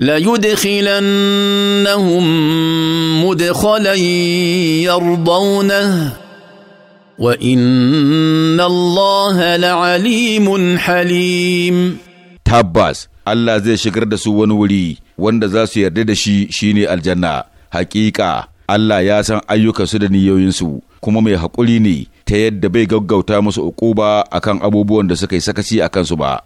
ليدخلنهم مدخلا يرضونه وان الله لعليم حليم tabbas Allah zai shigar da su wani wuri wanda za su yarda da shi shine aljanna Haƙiƙa, Allah ya san ayyukansu da niyyoyinsu, kuma mai haƙuri ne ta yadda bai gaggauta musu uquba akan abubuwan da suka yi sakaci a kansu ba